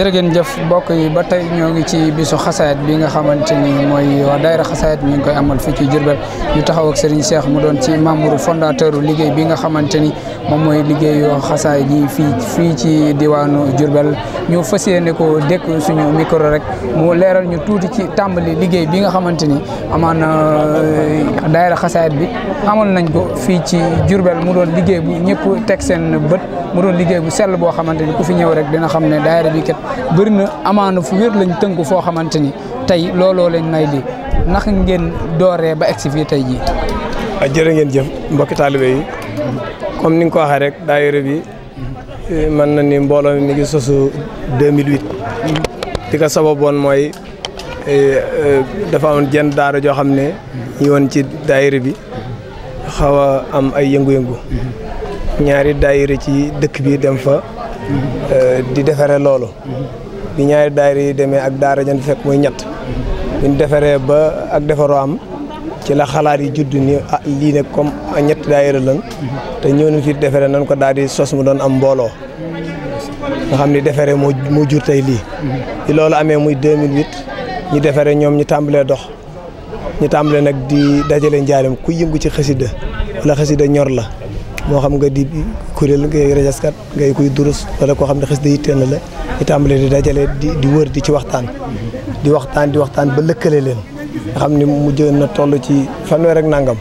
jërëgeen jëf mbokk yi ba tey ñoo ngi ci bisu xasaayat bi nga xamante ni mooy daayira xasaayat ñu ngi koy amal fii ci Jurbel ñu taxaw ak ñu Cheikh mu doon ci membre fondateur liggéey bi nga xamante ni moom mooy liggéeyu xasaay ji fii fii ci diwaanu Jurbel ñu fas yéene ko dékk suñu micro rek mu leeral ñu tuuti ci tàmbali liggéey bi nga xamante ni amaan euh, daayira xasaayat bi amal nañ ko fii ci Jurbel mu doon liggéey bu ñëpp teg seen bët mu doon liggéey bu sell boo xamante ni ku fi ñëw rek dina xam ne daayira bi kat bëri na amaana fu wér lañ tënku foo xamante ni tey looloo leen may lii ndax ngeen dooree ba egsi fii tey jii. Ah, jërë ngeen jëf mbokki taalibe yi comme ni nga ko waxee rek daayira bi eh, mën na ni mbooloo mi ngi sosu 2008. di ko sababoon mooy eh, eh, dafa amoon jenn daara joo xam ne ñu woon ci daayira bi xaw a am ay yëngu-yëngu ñaari daayira ci dëkk bi dem fa. Euh, di defaree loolu bi ñaari daayira yi demee ak daara jan fekk mooy ñett buñ defaree ba ak defaroo am ci la xalaat yi judd ni ah lii ne comme ñetti daayira lan te ñëw nañ fi defaree nañ ko daal di sos mu doon am mbooloo nga xam ni defaree moo moo jur tey lii di loolu amee muy 2008 ñu defaree ñoom ñu tàmbalee dox ñu tàmbalee nag di dajale njaarim ku yëngu ci xasida wala xasida ñor la moo xam nga di kuréel ngay rajaskat ngay kuy durus wala koo xam ne xas da yitteel la ñu tàmbalee di dajale di di wër di ci waxtaan di waxtaan di waxtaan ba lëkkale leen nga xam ne mu jën na toll ci fanweer rek nangam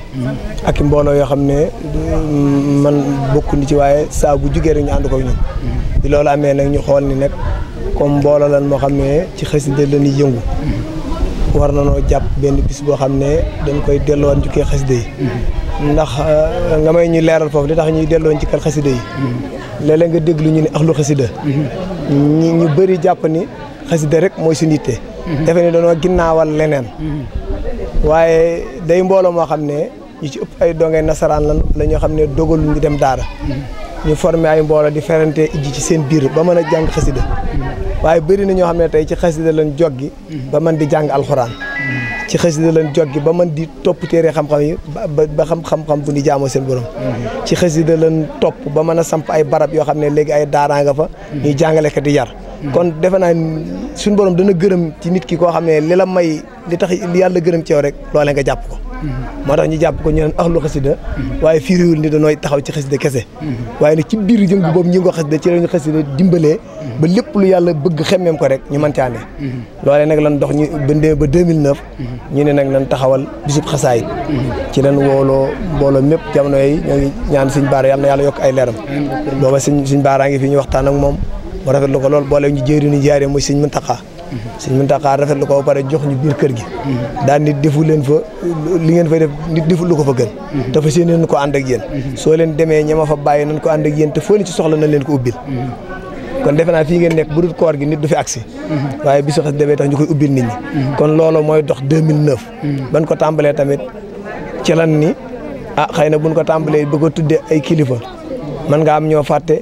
ak i mbooloo yoo xam ne mm, man bokk ni ci waaye saa bu jugee rek ñu ànd ko ñun bi loolu amee nag ñu xool ni nag comme mbooloo lan moo xam ne ci xasida la ñuy yëngu war na noo jàpp benn bis boo xam ne dañ koy delloo njukkee xasida yi ndax euh, nga may ñu leeral foofu li tax ñuy delloo ci kan xasida yi léeg nga déglu ñu ne axlu xasida ñi ñu bëri jàpp ni xasida rek mooy si yitte defe ni dañoo ginnaawal leneen waaye day mbooloo moo xam ne ñu ci ëpp ay dongay nasaraan lan la ñoo xam ne dogalu ñu dem daara ñu formé ay mbooloo di ferante ijji ci seen biir ba mën a jàng xasida waaye bëri na ñoo xam ne tey ci xasida lañ joggi ba man di jàng alxuraan ci xasida lañ joggi ba man di topp téere xam-xam yi ba xam-xam bu ni jaamoo seen borom mhm. ci xasida lañ topp ba mën a samp ay barab yoo xam ne léegi ay daaraa nga fa mhm. ñuy jàngale ko di yar mhm. kon defe naa suñu borom dana gërëm ci nit ki koo xam ne li la may li tax yàlla gërëm ci yow rek loolee nga jàpp ko moo tax ñu jàpp ko ñu naan axlu xasida waaye firiwul ni danooy taxaw ci xasida kese waaye nag ci biir yëngu boobu ñu ngi ko xasida ci lañu xasida dimbalee ba lépp lu yàlla bëgg xemmeem ko rek ñu mën caa ne loolee nag lan dox ñu ba ndee ba 2009 ñu ne nag lan taxawal bisub xasaayit ci lan wooloo mbooloo mépp jamono yi ñoo ngi ñaan suñ baara yàlla na yàlla yokk ay leeram booba suñ suñ baaraa ngi fi ñu waxtaan ak moom mu rafetlu ko lool boole ñu jëriñu jaaree mooy suñ Muntaxa sëñ rafet rafetlu ko ba pare jox ñu biir kër gi daan nit defu leen fa li ngeen fay def nit deful lu ko fa gën te fa seen ko ànd ak yéen soo leen demee ñama fa bàyyi nañ ko ànd ak yéen te foo soxla nañ leen ko ubbil kon defe naa fii ngeen nekk bu dul koor gi nit du fi agsi waaye bisu xas demee tax ñu koy ubbil nit ñi kon looloo mooy dox 2009 ban ko tàmbalee tamit ci lan ni ah xëy na buñ ko tàmbalee bëgg a tuddee ay kilifa man nga am ñoo fàtte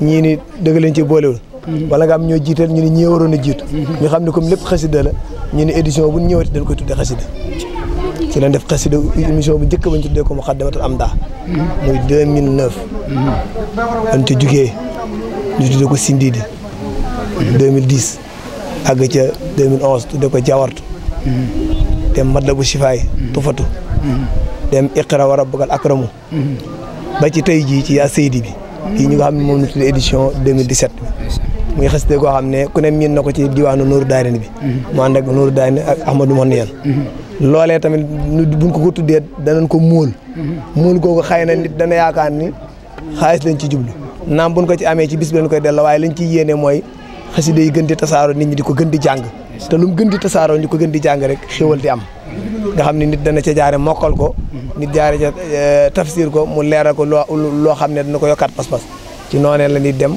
ñii ni dëgg leen ci boolewul wala nga am ñoo jiital ñu ne ñee waroon a jiitu ñu xam ne comme lépp xasida la ñu ne édision bu ñu ñëwati dañ koy tuddee xasida ci leen def xasida émission bu njëkk bañ tuddee ko mu xaddamatul am daa muy 2009 dañ ci jugee ñu tuddee ko Sindiidi 2010 àgg ca 2011 tuddee ko Jawartu dem Madlabu Sifaay tufatu dem Iqra wa rabbukal akramu ba ci tey jii ci yaa Seydi bi yi ñu nga xam ne moom la tuddee édition 2017 bi muy xasida koo xam ne ku ne miin na ko ci diwaanu Nuuru Daarayni bi mu ànd ak Nuuru Daarayni ak Ahmadou Moniyan loolee tamit nu buñ ko ko tuddee danañ ko móol móol googu xëy na nit dana yaakaar ni xaalis lañ ci jublu naam buñ ko ci amee ci bis bi lañ koy delloo waaye lañ ciy yéene mooy xasida yi gën di tasaaroo nit ñi di ko gën di jàng te lu gën di tasaaroo ñu ko gën di jàng rek xéwal di am nga xam ne nit dana ca jaare mokkal ko nit jaare ca eh, tafsir ko mu leeral ko loo loo xam ne dana ko yokkaat pas-pas ci noonee la ñuy dem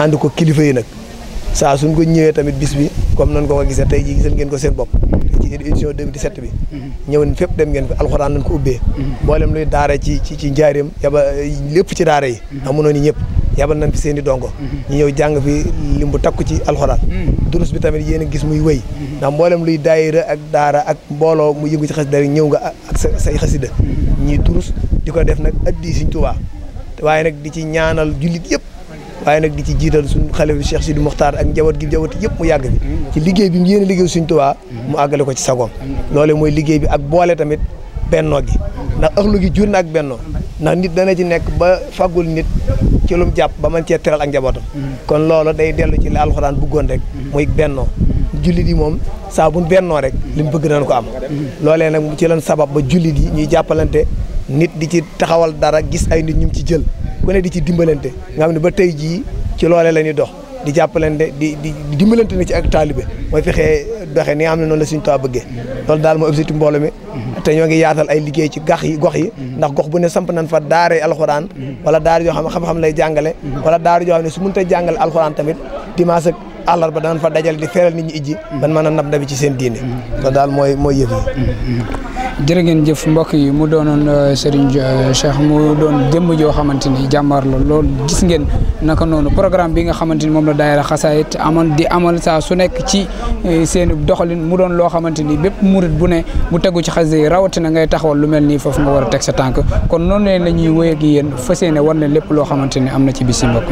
ànd ko kilifa yi nag saa suñ ko ñëwee tamit bis bi comme nan ko ko gisee tey jii gisal ngeen ko seen bopp ci seen édition 2017 bi ñëw nañ fépp dem ngeen ko alxuraan nañ ko ubbee mboolem luy daara ci ci ci njaareem yaba lépp ci daara yi amunoon ñëpp yabal nañ seen i dongo ñu ñëw jàng fi lim bu takku ci alxuraan bi tamit yéen a gis muy wëy ndax luy daayira ak daara ak mbooloo mu yëngu ci xasida yi ñëw nga ak sa say xasida ñuy durus di ko def nag addi Sëriñ Tuubaa waaye nag di ci ñaanal jullit yëpp waaye nag di ci jiital suñu xale bi Cheikh Sidi Mokhtar ak njaboot gi njaboot yëpp mu yàgg bi ci liggéey bi mu yéen a liggéey suñ Tuubaa mu àggale ko ci sagoom loole mooy liggéey bi ak boole tamit bennoo gi ndax ëxlu gi jur na bennoo ndax nit dana ci nekk ba fàggul nit ci lum jàpp ba man cee teral ak njabootam kon loolu day dellu ci la alxuraan bëggoon rek muy bennoo julli yi moom saabu bennoo rek li mu bëgg nañ ko am loolee nag ci lan sabab ba jullit yi ñuy jàppalante nit di ci taxawal dara gis ay nit ñu ci jël ku ne di ci dimbalante nga xam ne ba tey jii ci loole la ñuy dox di jàppalante di di dimbalante na ci ak taalibe mooy fexe doxee ni nga xam ne noonu la Sëriñ Tuubaa bëggee loolu daal mooy objectif mbooloo mi te ñoo ngi yaatal ay liggéey ci gax yi gox yi ndax gox bu ne samp nañ fa daaree alxuraan wala daara yoo xam xam-xam lay jàngale wala daara yoo xam ne su mënta jàngale alxuraan tamit dimanche ak ba danañ fa dajal di feeral nit ñi ijji ban mën a nab ndabi ci seen diine loolu daal mooy mooy yëf jërë ngeen jëf mbokk yi mu doonoon euh, Serigne euh, Cheikh mu doon jëmm joo xamante ni jàmbaar la loolu gis ngeen naka noonu programme bi nga xamante ni moom la daayira xasaayit amoon di amal saa su nekk ci euh, seen doxalin mu doon loo xamante ni bépp murit bu ne mu tegu ci xasida yi rawatina ngay taxawal lu mel nii foofu nga war a teg sa tànk kon noonu leen la ñuy wéy ak yéen fas yéene war leen lépp loo xamante ni am na ci bis yi mbokk